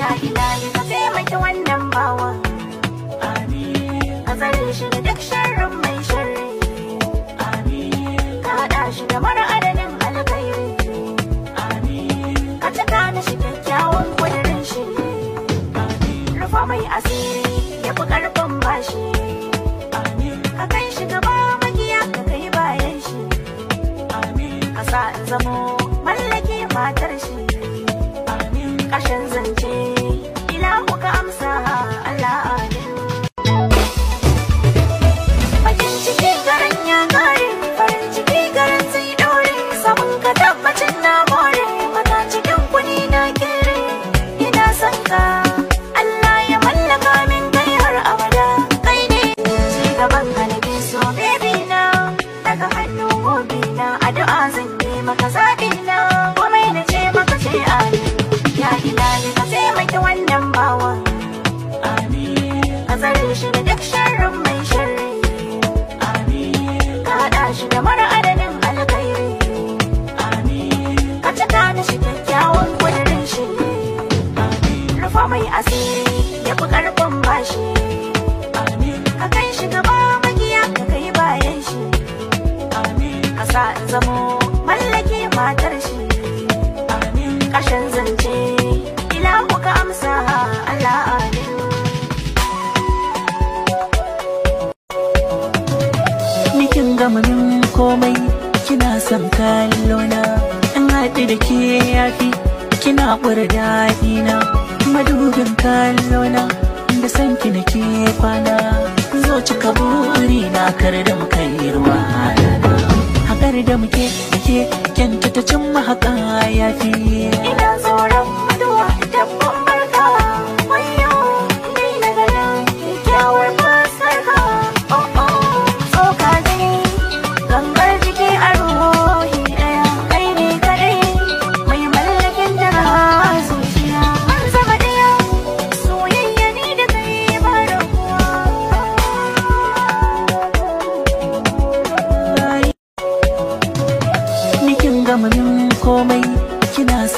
ya ilahi ka taimaki wannan bawan ka tsare shi da duk sharrin mai sharri ka haɗa shi da mara adadin alkhairi ka cika na shi kyakkyawan kudirin shi rufa mai asiri ya fi ƙarfin bashi ka kai shi gaba magiya ka kai bayan shi ka sa in zamo mallake matar shi 骗自己。tsare shi da duk sharrin mai sharri ka haɗa shi da mara adadin alkhairi ka cika da shi kyakkyawan kudirin shi rufa mai asiri ya fi ƙarfin bashi ka kai shi gaba magiya ka kai bayan shi ka sa zama haɗu da ke yafi kina dadi daɗina madubin kallona da san ki ke kwana zo cika buri na kar da mu kai ruwa hakar da muke da ke kyanta ta cin mahaka yafi tsoron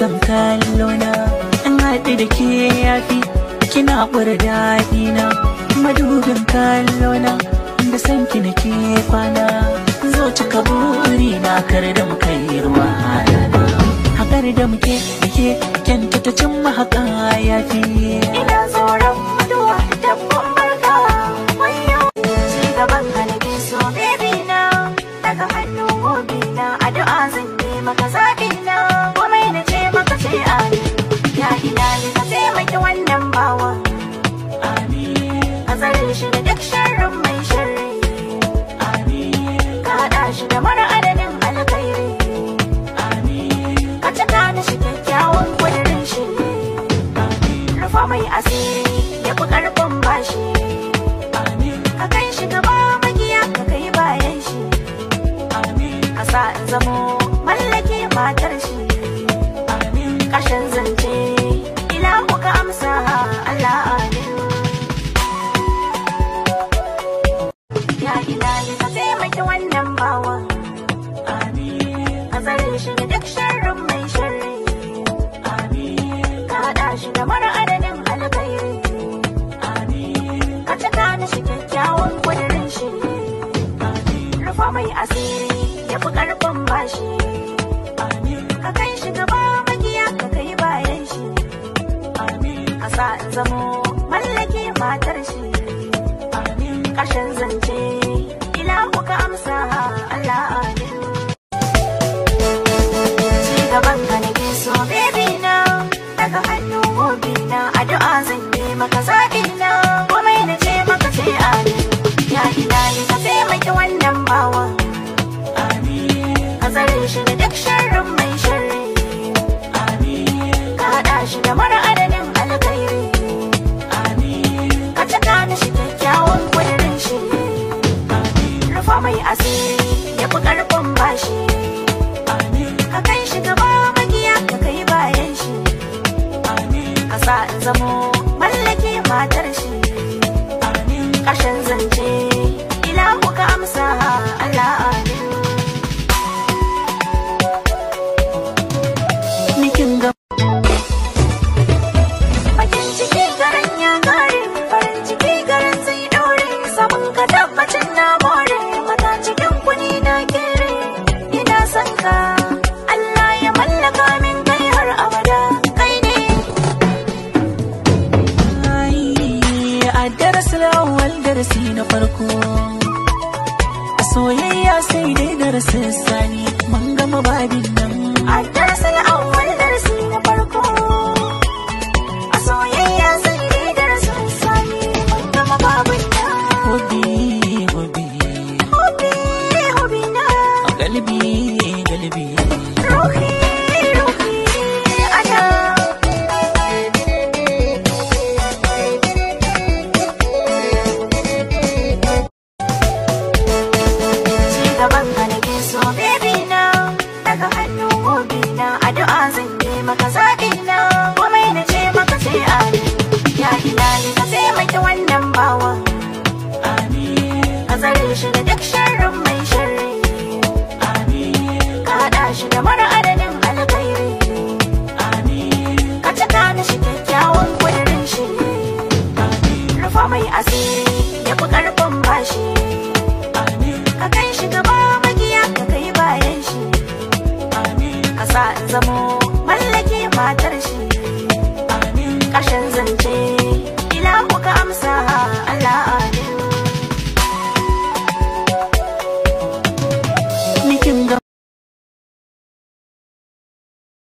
son kallona an haɗu da ke yafi kina ƙura na madubin kallona da san ki nake kwana zo cika buri na kar da mu kai ruwa hakar da muke da ke kyanta ta cimma haka yafi I sa a zamo mallake matar shi ƙarshen zance ila kuka amsa Allah amin ci gaban ka nake so baby na daga hannu gobe na addu'a zan yi maka zaɓi na komai na ce maka ce amin ya ni ka taimaki wannan bawan amin ka tsare shi da duk sharrin mai asiri ya fi karfin bashi ka kai shi gaba magiya ka kai bayan shi ka sa in zamo mallake matar shi ƙashin zance ila ku ka amsa darasi na farko a soyayya sai dai darasin sani mun gama babin nan a darasin awwal darasi na farko a soyayya sai dai darasin sani mun gama babin nan hobi hobi hobi hobi na galibi galibi rohi tsare shi da duk sharrin mai sharri ka haɗa shi da mara adadin alkhairi ka cika na shi kyakkyawan kudirin shi rufa mai asiri ya fi karfin bashi